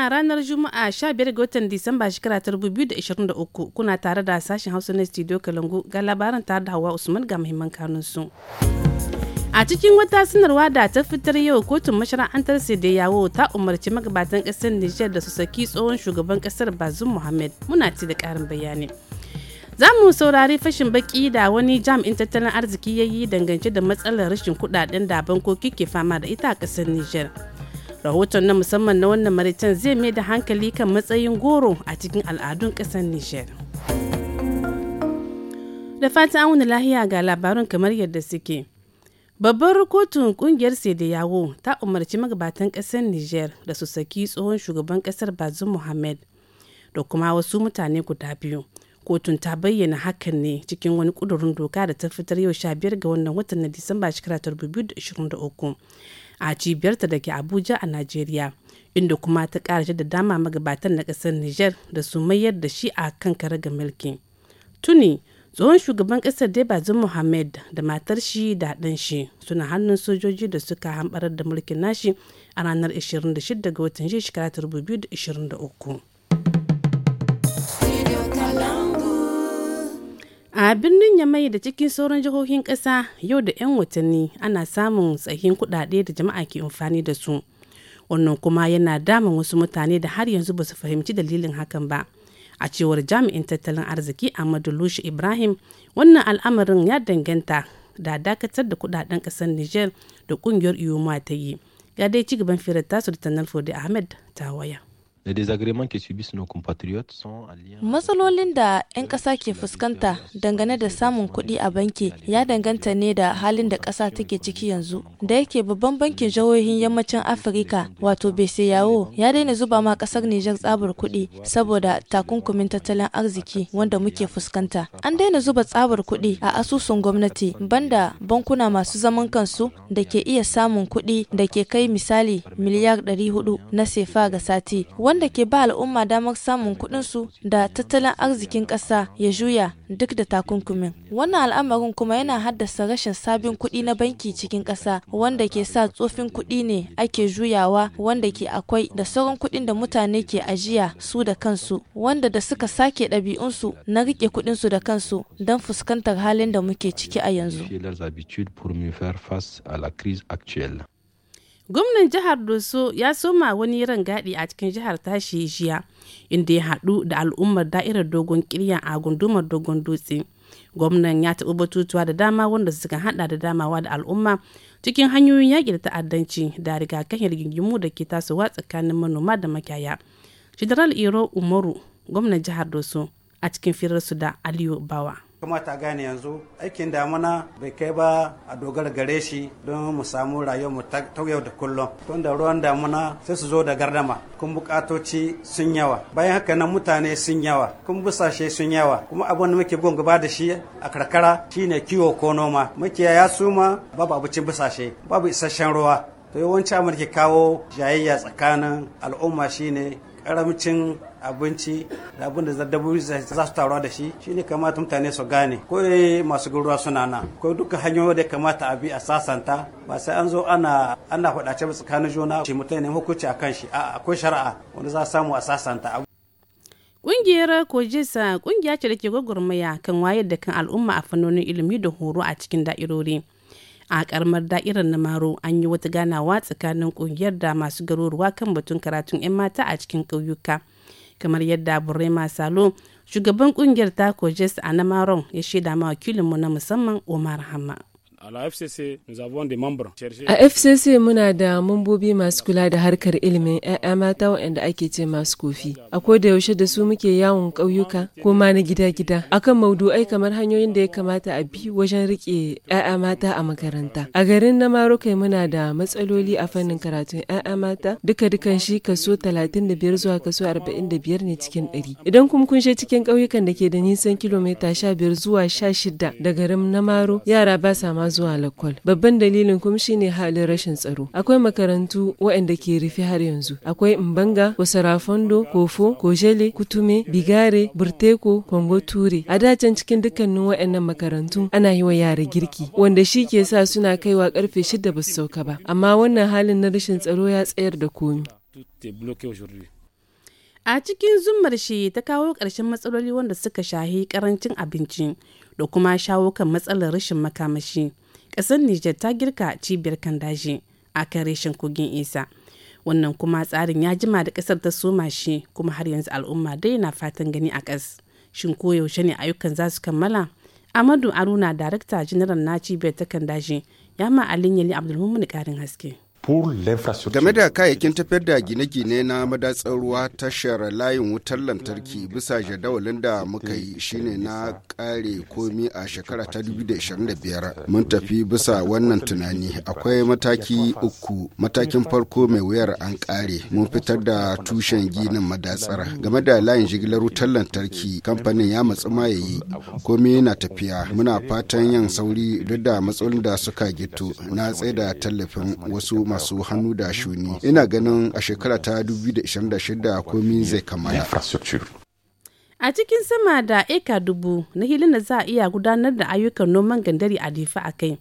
Kuna ranar Juma'a 15 ga watan Disamba shekara ta 2023 kuna tare da sashen Hausa na Studio Kalangu ga labaran tare da Hawa Usman ga muhimman kanun su. A cikin wata sanarwa da ta fitar yau kotun mashara'antar da yawo ta umarci magabatan kasar Nijar da su saki tsohon shugaban kasar Bazum Muhammad muna ci da ƙarin bayani. za mu saurari fashin baki da wani jami'in tattalin arziki ya yi dangance da matsalar rashin kudaden da bankoki ke fama da ita a kasar Nijar. rahoton na musamman na wannan maraicen zai mai da hankali kan matsayin goro a cikin al'adun ƙasar niger da fata an wani lahiya ga labarun kamar yadda suke babbar kotun kungiyar yawo ta umarci magabatan ƙasar niger da su saki tsohon shugaban ƙasar bazin muhammad da kuma wasu mutane guda biyu kotun ta bayyana hakan ne cikin wani kudurin doka da ta fitar yau 15 ga wannan watan na disamba shekara 2023 a cibiyarta da ke abuja a najeriya inda kuma ta kara da dama magabatan na kasar niger da su mayar da shi a kan ga mulki tuni tsohon shugaban kasar dai bazin muhammad da matar shi da ɗan shi suna hannun sojoji da suka hambarar da mulkin nashi a ranar 26 ga watan shekara 2023 a birnin yamai da cikin sauran jihohin ƙasa yau da 'yan watanni ana samun tsahin kuɗaɗe da jama'a ke amfani da su wannan kuma yana damun wasu mutane da har yanzu ba su fahimci dalilin hakan ba a cewar jami'in tattalin arziki ahmadu lushe ibrahim wannan al'amarin ya danganta da dakatar da kudaden kasar niger da kungiyar iyoma ta yi ga dai gaban firar tasu da tanar ahmed ta waya Matsalolin da 'yan ƙasa ke fuskanta dangane da samun kuɗi a banki ya danganta ne da halin da ƙasa take ciki yanzu. Da yake babban bankin jihohin yammacin Afirka wato Bese-Yawo ya daina zuba ma ƙasar Nijar tsabar kuɗi saboda takunkumin tattalin arziki wanda muke fuskanta. An daina zuba tsabar kuɗi a asusun gwamnati banda bankuna masu zaman kansu da ke iya samun kuɗi da ke kai misali miliyar 400 na sefa ga sati. wanda ke ba al'umma damar samun kuɗinsu da tattalin arzikin ƙasa ya juya duk da takunkumin. Wannan al'amarin kuma yana haddasa rashin sabin kuɗi na banki cikin ƙasa wanda ke sa tsofin kuɗi ne ake juyawa wanda ke akwai da sauran kuɗin da mutane ke ajiya su da kansu wanda da suka sake ɗabi'unsu na riƙe kuɗinsu da kansu don fuskantar halin da muke ciki a yanzu. Gwamnan jihar Doso ya soma wani rangadi a cikin jihar tashi jiya inda ya haɗu da al'ummar da'irar dogon kirya a gundumar dogon dutse. Gwamnan ya taɓa batutuwa da dama wanda suka haɗa da damawa da al'umma cikin hanyoyin yaƙi da ta'addanci da rigakafin rigingimu da ke tasowa tsakanin manoma da makiyaya. General Iro Umaru, gwamnan jihar Doso a cikin firarsu da Aliyu Bawa. kamata gane yanzu aikin damuna bai kai ba a dogara gare shi don mu samu rayuwar mu ta yau da kullum tun da ruwan damuna sai su zo da gardama kun bukatoci sun yawa bayan haka nan mutane sun yawa kun busashe sun yawa kuma abin da muke gon gaba da shi a karkara shine kiwo ko noma makiyaya su ma babu abincin busashe babu isasshen ruwa to yawanci amurka kawo jayayya tsakanin al'umma shine karamcin abinci da abin da dabbobi za su taruwa da shi shine kamata mutane su gane ko masu gurwa suna nan ko duka hanyoyi da kamata a bi a sasanta ba sai an zo ana ana ba tsakanin juna shi mutane hukunci a kan shi akwai shari'a wanda za samu a sasanta Ƙungiyar Kojisa ƙungiya ce da ke gwagwarmaya kan wayar da kan al'umma a fannonin ilimi da horo a cikin da'irori. a karamar da'irar namaro an yi wata ganawa tsakanin kungiyar da masu garuruwa kan batun karatun 'yan mata a cikin ƙauyuka kamar yadda burema salo shugaban kungiyar ta kojes a namaron ya shaida ma wakilinmu na musamman omar hama A FCC muna da mambobi masu kula da harkar ilimin ƴaƴa mata waɗanda ake ce masu kofi. A da yaushe da su muke yawon ƙauyuka ko ma na gida-gida akan maudu'ai kamar hanyoyin da ya kamata a bi wajen riƙe ƴaƴa mata a makaranta. A garin na Marokai muna da matsaloli a fannin karatun ƴaƴa mata duka-dukan shi kaso 35 zuwa kaso 45 ne cikin 100. Idan kuma kun je cikin ƙauyukan da ke da nisan kilomita 15 zuwa 16 da garin na Maro yara ba sa ma zuwa lakwal babban dalilin kuma shine halin rashin tsaro akwai makarantu waɗanda ke rufe har yanzu akwai mbanga sarafondo kofo kojele kutume bigare burteko kongo ture a dacen cikin dukkanin waɗannan makarantu ana yi wa yara girki wanda shi ke sa suna kaiwa karfe shida ba su sauka ba amma wannan halin na rashin tsaro ya tsayar da komi a cikin zummar shi ta kawo ƙarshen matsaloli wanda suka shahi karancin abinci da kuma shawo kan matsalar rashin makamashi ƙasar nijar ta girka cibiyar kan daji a kan reshen kogin isa wannan kuma tsarin ya jima da ƙasar ta soma shi kuma har yanzu al'umma dai na fatan gani a ƙas shin ko yaushe ne ayyukan za su kammala amadu aruna darakta Jeneral na cibiyar ta kan daji ya ma yali abdulmumin ƙarin haske Game da kayayyakin tafiyar da gine-gine na madatsar ruwa tashar layin wutar lantarki bisa jadawalin da muka yi shine na kare komi a shekara ta 2025. Mun tafi bisa wannan tunani akwai mataki uku matakin farko mai wuyar an kare mun fitar da tushen ginin madatsar. Game da layin jigilar wutar lantarki kamfanin ya matsu mayayi komi na tafiya muna fatan yin sauri duk da matsalolin da suka gito na tsaida tallafin wasu masu hannu da shuni ina ganin a shekara ta 2026 komi zai kamala a cikin sama da eka dubu na hilin da za a iya gudanar da ayyukan noman gandari a difa a kai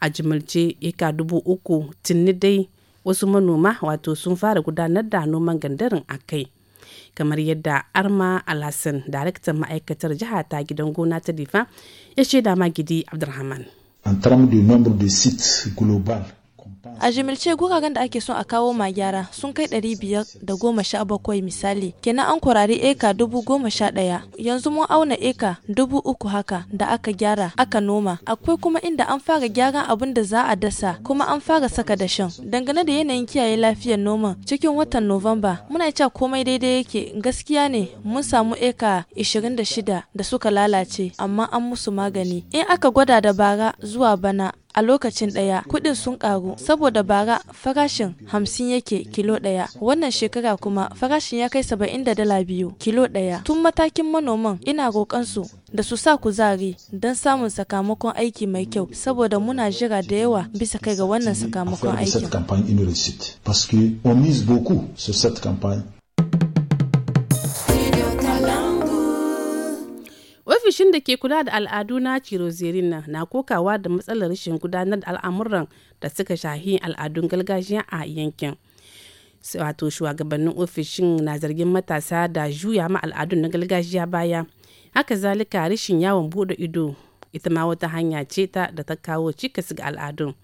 a jimilce eka dubu uku tinni dai wasu manoma wato sun fara gudanar da noman gandarin a kai kamar yadda arma alhassan daraktan ma'aikatar jiha ta gidan gona ta difa ya shaida magidi abdulrahman en termes de nombre de sites global A jimilce guraren da ake son a kawo ma gyara sun kai ɗari biyar da goma sha bakwai misali, kenan an kurari eka dubu goma sha ɗaya. Yanzu mun auna eka dubu uku haka da aka gyara aka noma. Akwai kuma inda an fara gyaran abin da za a dasa kuma an fara saka dashen. Dangane da yanayin kiyaye lafiyar noman cikin watan Nuwamba muna cewa komai daidai yake gaskiya ne mun samu eka 26 da suka lalace amma an musu magani. In aka gwada da bara zuwa bana a lokacin daya kudin sun karu saboda bara farashin hamsin yake kilo daya wannan shekara kuma farashin ya kai saba'in da dala biyu kilo daya tun matakin manoman ina roƙon su da su sa kuzari don samun sakamakon aiki mai kyau saboda muna jira da yawa bisa kai ga wannan sakamakon aikin. ofishin da ke kula da al'adu na cirozerin na kokawa da matsalar rashin gudanar da al'amuran da suka shahi al'adun gargajiya a yankin wato shugabannin ofishin na zargin matasa da juya ma al'adun na gargajiya baya haka zalika rashin yawon bude ido ita ma wata hanya ce ta da ta kawo cikas ga al'adun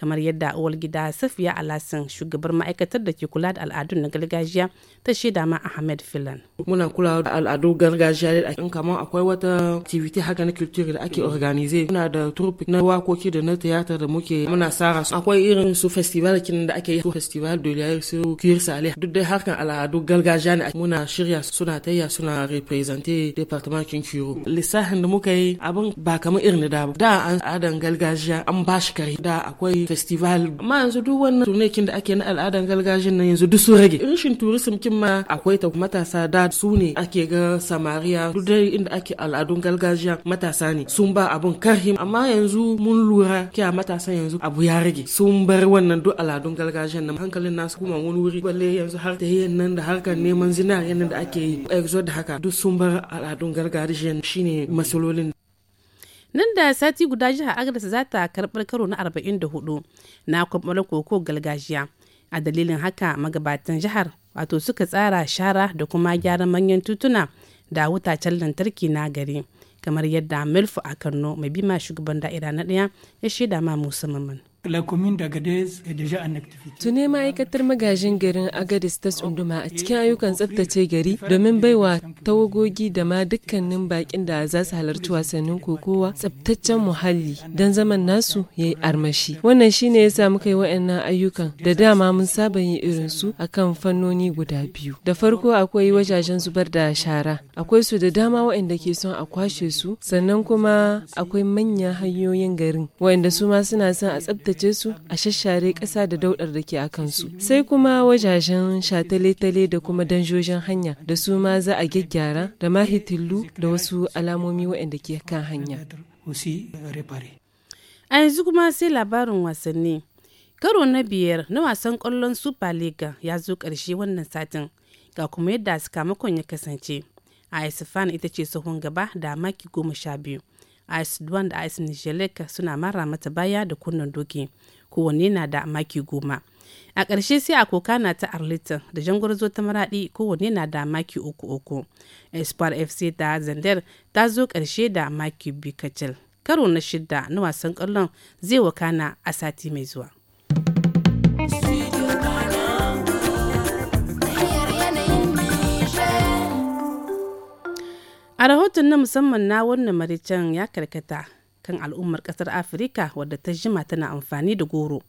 kamar yadda uwar gida safiya alasan shugabar ma'aikatar da ke kula da al'adun na gargajiya ta shaida ma ahmed filan muna kula da al'adun gargajiya da in kamar akwai wata activity haka na culture da ake organize muna da troupe na wakoki da na tiyata da muke muna sara su akwai irin su festival kin da ake yi festival de l'air su cuir duk dai harkan al'adun gargajiya ne muna shirya suna tayya suna representer departement kin kiro lissafin da muka yi abin ba kamar irin da ba. da an adan gargajiya an bashi kare da akwai festival amma yanzu duk wannan turnekin da ake na al'adan gargajiyar nan yanzu duk su rage rashin tourism kin ma akwai ta matasa da su ne ake ga samariya duk dai inda ake al'adun gargajiya matasa ne sun ba abun karhim amma yanzu mun lura kiya matasa yanzu abu ya rage sun bar wannan duk al'adun gargajiyan nan hankalin nasu kuma wani wuri balle yanzu har tahiyyan nan da harkar neman zinariya nan da ake yi exod haka duk sun bar al'adun na. shine masalolin nan da sati guda jihar agnes za ta karɓar karo na 44 na kwamfanin koko galgajiya a dalilin haka magabatan jihar wato suka tsara shara da kuma gyaran manyan tutuna da wutacen lantarki na gari kamar yadda milfu a karno mai bima shugaban da'ira na ɗaya ya shaida ma musamman Tune ma'aikatar magajin garin Agadis ta tsunduma a cikin ayyukan tsaftace gari domin baiwa tawagogi da ma dukkanin bakin da za su halarci wasannin kokowa tsaftaccen muhalli don zaman nasu ya yi armashi. Wannan shine ya sa muka yi wa'annan ayyukan da dama mun saba yin irin su akan fannoni guda biyu. Da farko akwai wajajen zubar da shara, akwai su da dama wayanda ke son a kwashe su, sannan kuma akwai manyan hanyoyin garin wayanda su ma suna son a tsaftace tsaftace su a shashare ƙasa da daudar da ke a kansu sai kuma wajajen shatale-tale da kuma danjojin hanya da su ma za a gyaggyara da mahitillu da wasu alamomi waɗanda ke kan hanya a yanzu kuma sai labarin wasanni karo na biyar na wasan kwallon super league ya zo ƙarshe wannan satin ga kuma yadda sakamakon ya kasance a ita ce sahun gaba da maki goma sha biyu ice duwan da ice nijelek suna mara mata baya da kunnen doki kowanne na da maki goma a ƙarshe sai a na ta arlington da jangwarzo ta maraɗi kowanne na da maki uku uku espoir fc da zander ta zo ƙarshe da maki biyu kacal karo na shidda na wasan ƙwallon zai wakana a sati mai zuwa rahoton na musamman na wannan maricen ya karkata kan al'ummar kasar Afirka wadda ta jima tana amfani da goro.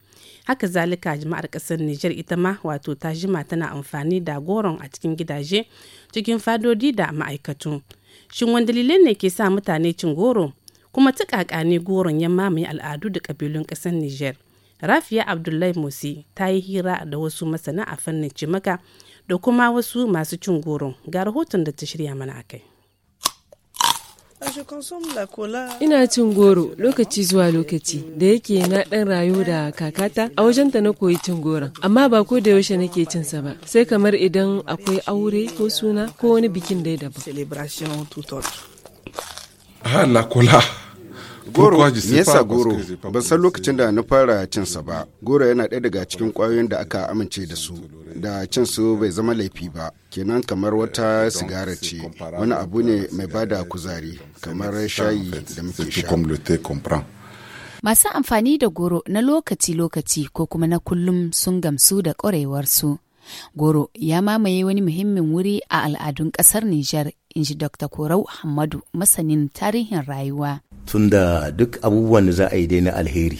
Haka zalika jama'ar kasar niger ita ma wato ta jima tana amfani da goron a cikin gidaje cikin fadodi da ma'aikatu. Shin wani dalilai ne ke sa mutane cin goro? Kuma ta ne goron ya mamaye al'adu da kabilun kasar niger Rafiya Abdullahi Musi ta yi hira da wasu masana a fannin cimaka da kuma wasu masu cin goron ga rahoton da ta shirya mana kai. Ah, Ina cin goro lokaci zuwa lokaci da yake na ɗan rayu da kakata a wajenta na koyi cin goron. Amma ba ko da yaushe nake cin sa ba, sai kamar idan akwai aure ko suna ko wani bikin dai daban. Ah, la cola. Goro, yasa goro, ban san lokacin da na fara cinsa ba. Goro yana ɗaya daga cikin ƙwayoyin da aka amince da su, da cin su bai zama laifi ba. Kenan kamar wata eh, sigara ce, wani abu ne mai bada kuzari, kamar shayi da muke sha. Masu amfani da goro na lokaci-lokaci ko kuma na kullum sun gamsu da ƙwarewarsu. Goro ya mamaye wani muhimmin wuri a al'adun ƙasar Nijar, inji ji Dr. Korau Hamadu, masanin tarihin rayuwa. tunda duk abubuwan da za a yi dai na alheri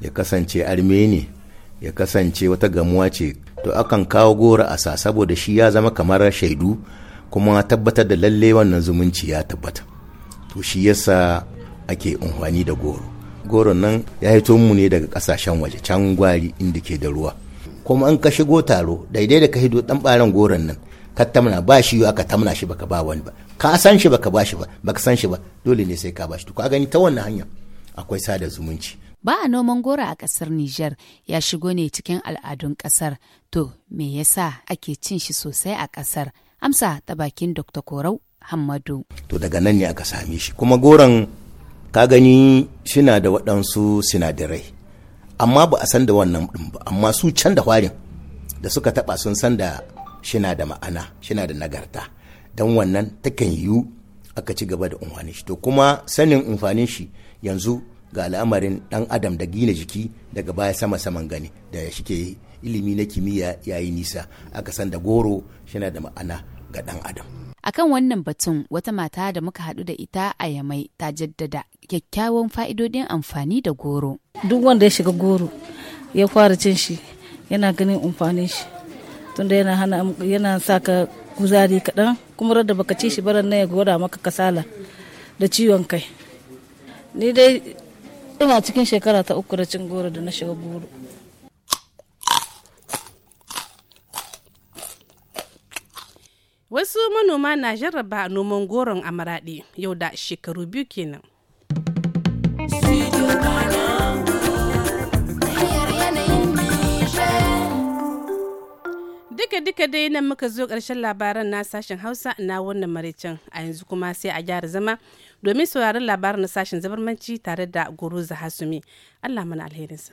ya kasance armeni ya kasance wata gamuwa ce to akan kawo gora a sa saboda shi ya zama kamar shaidu kuma tabbatar da lalle wannan zumunci ya tabbata to shi yasa ake unhwani da goro goron nan ya hito mu ne daga kasashen waje can gwari inda ke da ruwa kuma an ka shigo taro daidai da ka hido dan baran goron nan ka tamna ba shi yiwa ka tamna shi baka ba wani ba ka san shi baka ba shi ba baka san shi ba dole ne sai ka ba shi to ka gani ta wannan hanya akwai sada zumunci ba a noman goro a kasar Nijar ya shigo ne cikin al'adun kasar to me yasa ake cin shi sosai a kasar amsa ta bakin Dr. Korau Hammadu to daga nan ne aka same shi kuma goron ka gani shina da waɗansu sinadarai amma ba a san da wannan ɗin ba amma su can da hwarin da suka taɓa sun san da shina da ma'ana shina da nagarta don wannan takan yiwu aka ci gaba da amfanin shi to kuma sanin umfanin shi yanzu ga al'amarin dan adam da gina jiki daga baya sama saman gani da shike ilimi na kimiyya ya yi nisa aka san da goro shina da ma'ana ga dan adam akan wannan batun wata mata da muka haɗu da ita a yamai ta jaddada kyakkyawan fa'idodin amfani da goro duk wanda ya shiga goro ya fara cin shi yana ganin amfanin shi tunda yana hana yana sa ka kuzari kaɗan kuma rada baka ci shi baran na ya gwada maka kasala da ciwon kai ni dai ina cikin shekara ta uku da cin goro da na shiga goro wasu manoma na jarraba noman goron amaraɗi yau da shekaru biyu kenan duka dai nan muka zo karshen labaran na sashen hausa na wannan maraicin a yanzu kuma sai a gyara zama domin sauraron labaran na sashen zabarmanci tare da goro hasumi allah mana alherinsa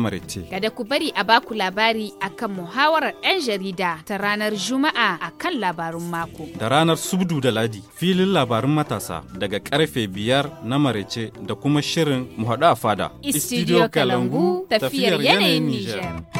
maraice. Kada ku bari a baku labari akan muhawarar 'yan jarida ta ranar Juma'a akan labarun mako. Da ranar Subdu da Ladi filin labarun matasa daga karfe biyar na maraice da kuma shirin muhaɗu a fada. Istidiyo Kalangu tafiyar yanayin Nijar.